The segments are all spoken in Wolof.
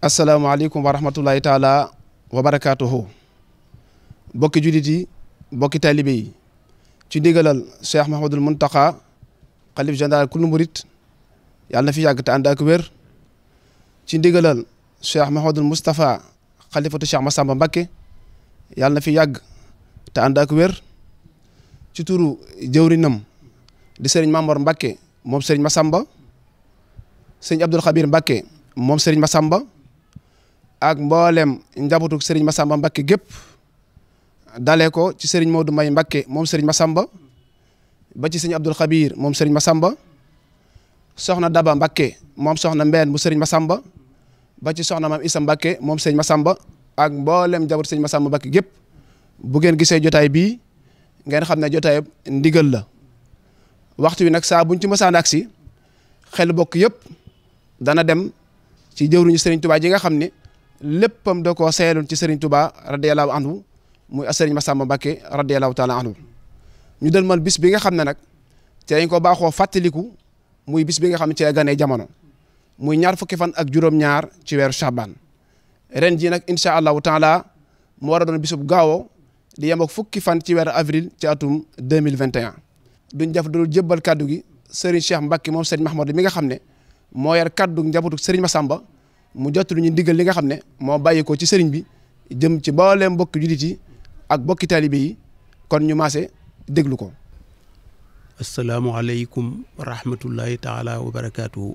asalaamaaleykum wa rahmatullahi taala wa bokki jullit bokki taalibe ci ndigalal cheikh mahamadul muntaka xalif général kul murit yàlla na fi yàgg te ànd ak wér ci ndigalal cheikh mahamadul moustapha xalifatu cheikh masamba mbakke yàlla na fi yàgg te ànd ak wér ci turu jëwrinam di sëriñ mamor mbakke moom sëriñ masamba sëriñ abdul xabir mbakke moom sëriñ masamba ak mboolem njabootug ma samba Mbakke gépp dalee ko ci Serigne Modou May Mbakke moom ma Massamba ba ci Serigne Abdul Khabir moom Serigne soxna Daba Mbakke moom soxna mu bu ma Massamba ba ci soxna maam Issa Mbakke moom ma Massamba ak mboolem njaboot ma Massamba Mbakke gépp bu ngeen gisee jotaay bii ngeen xam ne jotaay ndigal la waxtu wi nag saa buñ ci mësaan agsi xel bokk yépp dana dem ci jëwruñu Serigne Touba ji nga xam ni léppam da koo seeloon ci Serigne Touba radiyallahu anhu muy Serigne Massamba Mbacké radiyallahu taala anhu ñu dëlmal bis bi nga xam ne nag ci lañ ko baaxoo fàttaliku muy bis bi nga xam ne ci a ganee jamono muy ñaar fukki fan ak juróom-ñaar ci weeru Chaban ren jii nag incha allahu taala mu war a doon bisub gaawoo di yem ak fukki fan ci weeru avril ci atum deux mille vingt et def dul jëbbal kaddu gi Serigne Cheikh Mbacké moom Serigne Mahmoud mi nga xam ne moo yar kaddu njabootu Serigne Massamba. mu jot lu ñu ndigal li nga xam ne moo bàyyi ko ci sëriñ bi jëm ci mbooleem mbokki jullit yi ak mbokki taalibe yi kon ñu maase déglu ko. asalaamualeykum wa rahmatullahi taala wa barakaatuhu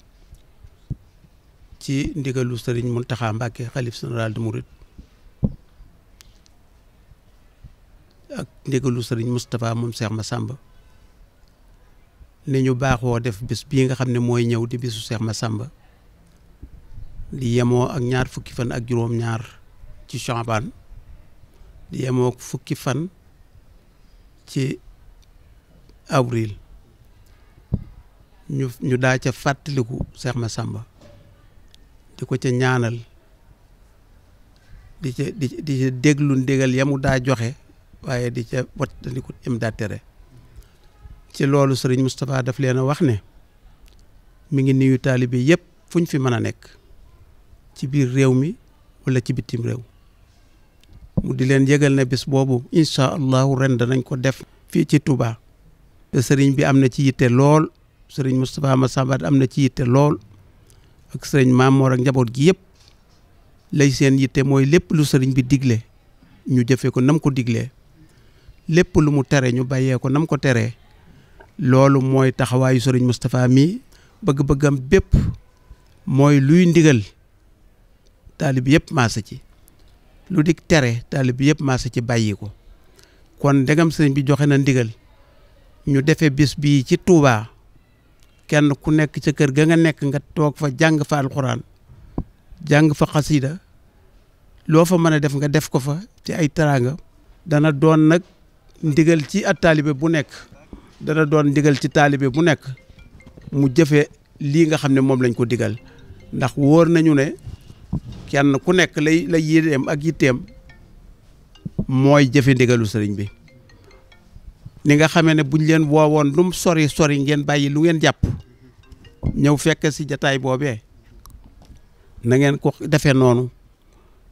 ci ndigalu sëriñ Mountakha Mbacké xalif général de Mouride ak ndigalu sëriñ Moustapha moom ma Massamba ne ñu baaxoo def bis bii nga xam ne mooy ñëw di bisu ma samba di yemoo ak ñaar fukki fan ak juróom-ñaar ci Chaabaan di yemoo fukki fan ci avril ñu ñu daa ca fàttaliku Seex sàmba di ko ca ñaanal di ca di déglu ndégal yamu daa joxe waaye di ca wattandiku yam daa tere ci loolu sëriñ Moustapha daf leen a wax ne mu ngi nuyu taalibe yëpp fu ñu fi mën a nekk ci biir réew mi walla ci bitim réew mu di leen yëgal ne bis boobu incha allahu ren danañ ko def fii ci Touba te sëriñ bi am na ci yitte lool sëriñ Moustapha Massambat am na ci yitte lool ak sëriñ Mamoor ak njaboot gi yëpp lay seen yitte mooy lépp lu sëriñ bi digle ñu jëfee ko nam ko diglee lépp lu mu tere ñu bàyyee ko nam ko teree loolu mooy taxawaayu sëriñ Moustapha mi bëgg-bëggam bépp mooy luy ndigal taalib yëpp maasa ci lu dik tere taalib yëpp maasa ci bàyyi ko kon ndegam sëñ bi joxe na ndigal ñu defe bis bii ci Touba kenn ku nekk ca kër ga nga nekk nga toog fa jàng fa alxuraan jàng fa xasida loo fa mën a def nga def ko fa ci ay teraanga dana doon nag ndigal ci at taalibe bu nekk dana doon ndigal ci taalibe bu nekk mu jëfe lii nga xam ne moom lañ ko digal ndax wóor nañu ne kenn ku nekk lay lay yéeneem ak yitteem mooy jëfe ndigalu sëriñ bi ni nga xamee ne buñ leen woowoon lum sori sori ngeen bàyyi lu ngeen jàpp ñëw fekk si jataay boobee na ngeen ko defee noonu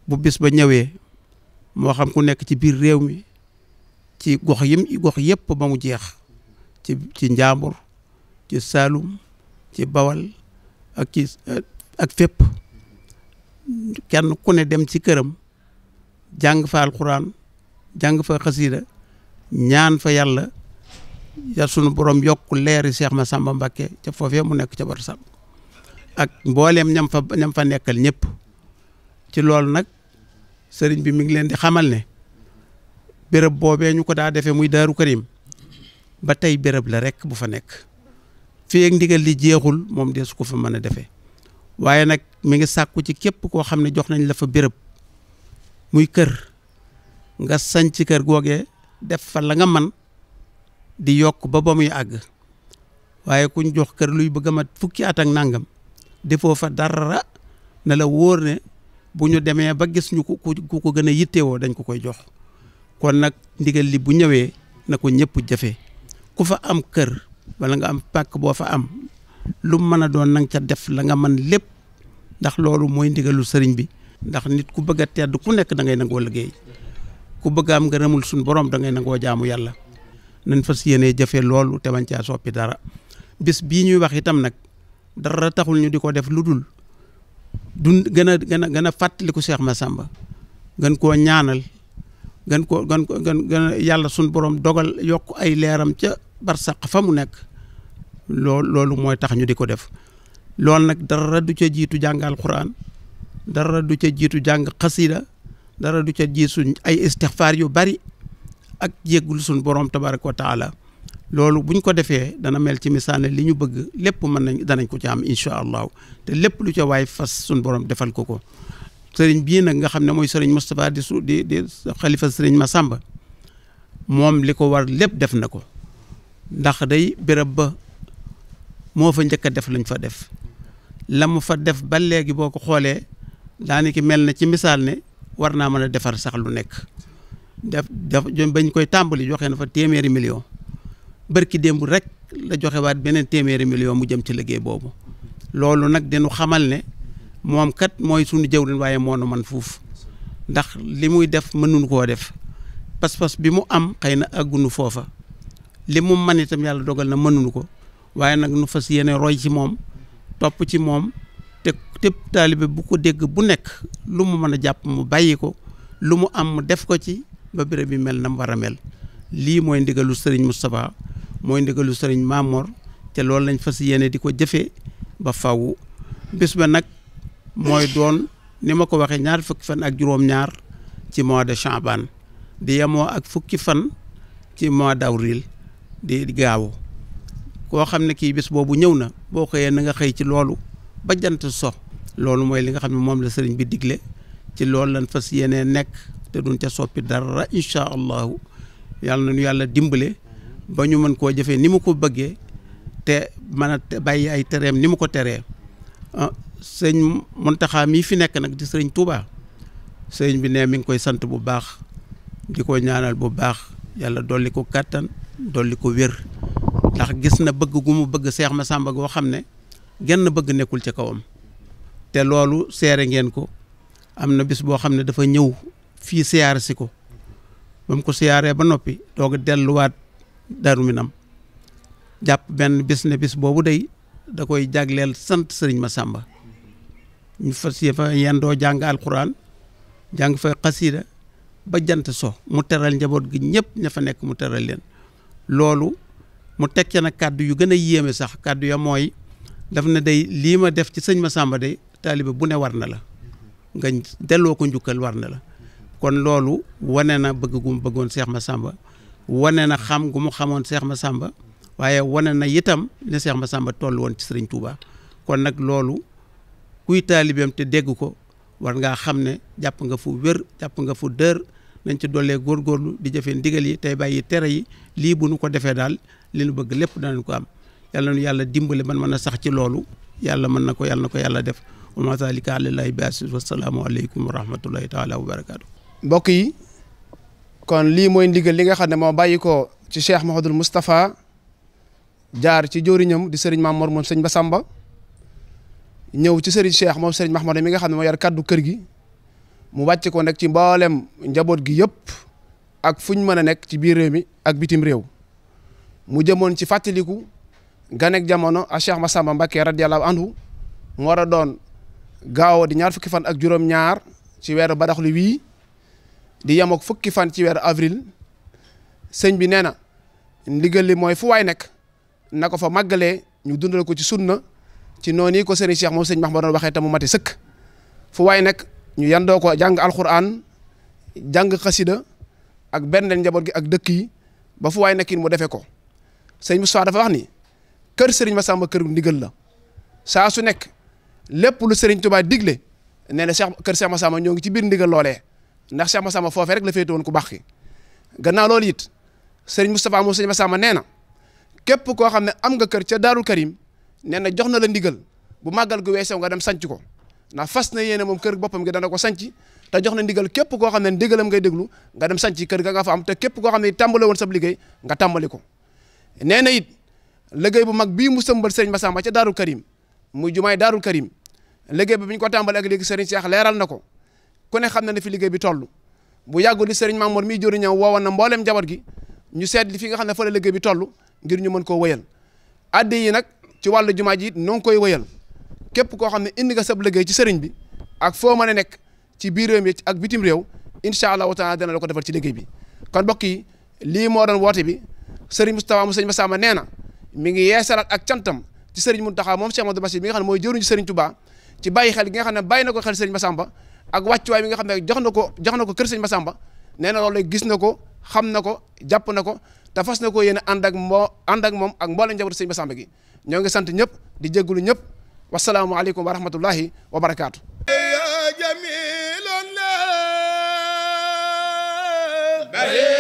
bu bis ba ñëwee moo xam ku nekk ci biir réew mi ci gox yim gox yëpp ba mu jeex ci ci Njàmbur ci Saalum ci Bawal ak ci kenn ku ne dem ci këram jàng fa alxuraan jàng fa xasiida ñaan fa yàlla ya sunu borom yokk leeri Cheikh Massamba Mbacké ca foofee mu nekk ca barsam ak mbooleem ñam fa nekkal ñépp ci loolu nag sëriñ bi mi ngi leen di xamal ne béréb boobee ñu ko daa defee muy Daaru Karim ba tey béréb la rek bu fa nekk fii ak ndigal li jeexul moom deesu ko fa mën a defee waaye nag mi nga sàkku ci képp koo xam ne jox nañ la fa béréb muy kër nga sanc kër googee def fa la nga man di yokk ba ba muy àgg waaye kuñ jox kër luy bëgg a mat fukki at ak nangam defoo fa dara na la wóor ne bu ñu demee ba gis ñu ku ko gën a yittewoo dañ ko koy jox kon nag ndigal li bu ñëwee na ko ñëpp jëfee ku fa am kër wala nga am pàkk boo fa am lu mën a doon nang ca def la nga mën lépp ndax loolu mooy ndigalu sëriñ bi ndax nit ku bëgg a tedd ku nekk da ngay nangoo liggéey ku bëgg am nga rëmul suñu boroom da ngay nangoo jaamu yàlla nañ fas yéenee jëfe loolu te bañ caa soppi dara bis bii ñuy wax itam nag dara taxul ñu di ko def lu dul dun gën a gën a gën a fàttaliku Cheikh Massamba gën koo ñaanal gën ko gën ko gën gën a yàlla suñu borom dogal yokk ay leeram ca barsàq fa mu nekk lool loolu mooy tax ñu di ko def loolu nag dara du ca jiitu jàng alquran dara du ca jiitu jàng xasida dara du ca jiitu ay istixfaar yu bari ak jéggul suñ borom tabaraka wa taala loolu buñ ko defee dana mel ci misaane li ñu bëgg lépp mën nañ danañ ko ci am incha allahu te lépp lu ca waaye fas suñ borom defal ko ko sëriñ bii nag nga xam ne mooy sëriñ Moustapha di su di di xalifa sëriñ Massamba moom li ko war lépp def na ko ndax day béréb ba moo fa njëkk a def lañu fa def la mu fa def ba léegi boo ko xoolee daanaka mel na ci misaal ne war naa mën a defar sax lu nekk def def bañ koy tàmbali joxe na fa téeméeri million bërki démb rek la joxe waat beneen téeméeri million mu jëm ci liggéey boobu loolu nag dañu xamal ne moom kat mooy suñu jëwriñ waaye moo nu man fuuf ndax li muy def mënuñu koo def pas-pas bi mu am xëy na àggunu foofa li mu man itam yàlla dogal na mënuñu ko waaye nag nu fas yéene roy ci moom topp ci moom te tépp taalibe bu ko dégg bu nekk lu mu mën a jàpp mu bàyyi ko lu mu am mu def ko ci ba béréb bi mel na mu war a mel lii mooy ndigalu sëriñ Moustapha mooy ndigalu sëriñ Mamor te loolu lañ fas yéene di ko jëfee ba faw bis ba nag mooy doon ni ma ko waxee ñaar fukki fan ak juróom-ñaar ci mois de Chaban di yemoo ak fukki fan ci mois d'avril di gaawu koo xam ne kii bis boobu ñëw na boo xëyee na nga xëy ci loolu ba jant so loolu mooy li nga xam ne moom la sëriñ bi digle ci loolu lan fas yeneen nekk te duñ ca soppi dara incha allahu yàlla nañu yàlla dimbale ba ñu mën koo jëfee ni mu ko bëggee te mën a bàyyi ay tereem ni mu ko teree ah sëñ Muntaxa mii fi nekk nag di sëriñ Touba sëriñ bi ne mi ngi koy sant bu baax di ko ñaanal bu baax yàlla dolli ko kàttan dolli ko wér ndax gis na bëgg gu mu bëgg Seex sàmba goo xam ne genn bëgg nekkul ci kawam te loolu seere ngeen ko am na bis boo xam ne dafa ñëw fii siyaar si ko ba mu ko siyaaree ba noppi doog delluwaat Daaru Minam jàpp benn bis ne bis boobu day da koy jagleel sant sëriñ Masàmba ñu fas fa yendoo jàng alquran jàng fa xasiida ba jant soo mu teral njaboot gi ñëpp ña fa nekk mu teral leen loolu mu teg ca nag kàddu yu gën a yéeme sax kàddu ya mooy daf na day lii ma def ci sëñ ma sàmba day taalibe bu ne war na la nga delloo ko njukkal war na la kon loolu wane na bëgg gu mu bëggoon Seex Massamba wane na xam nga mu xamoon Seex sàmba waaye wane na itam ne Seex Massamba toll woon ci Sëriñ Tuuba kon nag loolu kuy taalibeem te dégg ko war ngaa xam ne jàpp nga fu wér jàpp nga fu dër nañ ci dollee góorgóorlu di jëfee ndigal yi tey bàyyi tere yi lii bu nu ko defee daal li nu bëgg lépp danañ ko am yàlla nu yàlla dimbale man mën a sax ci loolu yàlla mën na ko yàlla na ko yàlla def wa ma zalika alallaahi bi aziz wasalaamualeykum wa rahmatullahi taala wa barakaatu mbokk yi kon lii mooy ndigal li nga xam ne moo bàyyi ko ci cheikh mahadul moustapha jaar ci jóoriñam di sëriñ Maam Mor moom sëñ Basamba ñëw ci sëriñ cheikh moom sëriñ Mahmada mi nga xam ne moo yar kaddu kër gi mu wàcce ko nag ci mboolem njaboot gi yëpp ak fu ñu mën a nekk ci biir réew mi ak bitim réew mu jëmoon ci fàttaliku ganek jamono a Cheikh Massamba Mbacké radiyallahu anhu mu war a doon gaaw di ñaar fukki fan ak juróom-ñaar ci weeru badaxlu wii di yem ak fukki fan ci weer avril sëñ bi nee na ndigal li mooy fu waay nekk na ko fa maggalee ñu dundal ko ci sunna ci noonu yi ko sëriñ Cheikh moom sëñ Mahmoud doon waxee tamu mati mate sëkk fu waay nekk ñu yandoo ko jàng alxuraan jàng xasida ak benn njaboot gi ak dëkk yi ba fu waay nekkin mu defee ko sëñ Moustapha dafa wax ni kër sëriñ Massamba kër ndigal la saa su nekk lépp lu sëriñ Touba digle nee na Cheikh kër Cheikh Massamba ñoo ngi ci biir ndigal loolee ndax Cheikh Massamba foofee rek la féete ku baax ki gannaaw loolu it sëriñ Moustapha moom sëriñ ma nee na képp koo xam ne am nga kër ca Daarul Karim nee na jox na la ndigal bu màggal gu weesoo nga dem sanc ko ndax fas na yéene moom kër boppam gi dana ko sanc te jox na ndigal képp koo xam ne ndigalam ngay déglu nga dem sanc kër ga nga fa am te képp koo xam ne tàmbale woon sab liggéey nga tàmbali ko nee na it liggéey bu mag bii mu sëmbal sëriñ Massamba ca Daarul Karim muy jumaay Daarul Karim liggéey bi bu ñu ko tàmbale léegi sëriñ Cheikh leeral na ko ku ne xam na ne fi liggéey bi toll bu yàggul li sëriñ Mamour mii jori ñëw woowoon na mbooleem njaboot gi ñu seet li fi nga xam ne fa la bi toll ngir ñu mën koo wëyal addi nag ci wàllu jumaa ji it ngi koy wëyal képp koo xam ne indi nga sab liggéey ci sëriñ bi ak foo mën a nekk ci biir réew mi ak bitim réew incha allah taala dana la ko defal ci liggéey bi kon mbokk yi lii moo doon woote bi sëriñ Moustapha mu sëriñ Massamba nee na mi ngi yeesalaat ak cantam ci sëriñ Mountakha moom Cheikh Amadou Bassir mi nga xam ne mooy jëruñu sëriñ Touba ci bàyyi xel gi nga xam ne bàyyi na ko xel sëriñ Massamba ak wàccuwaay bi nga xam ne jox na ko jox na ko kër sëriñ Massamba nee na loolu gis na ko xam na ko jàpp na ko te fas na ko yéen a ànd ak moo ànd ak moom ak mboolem njabootu sëriñ samba gi ñoo ngi sant ñëpp di jégalu ñëpp wasalaamu aleykum wa rahmatullahi wa barakaatu ya jamilan la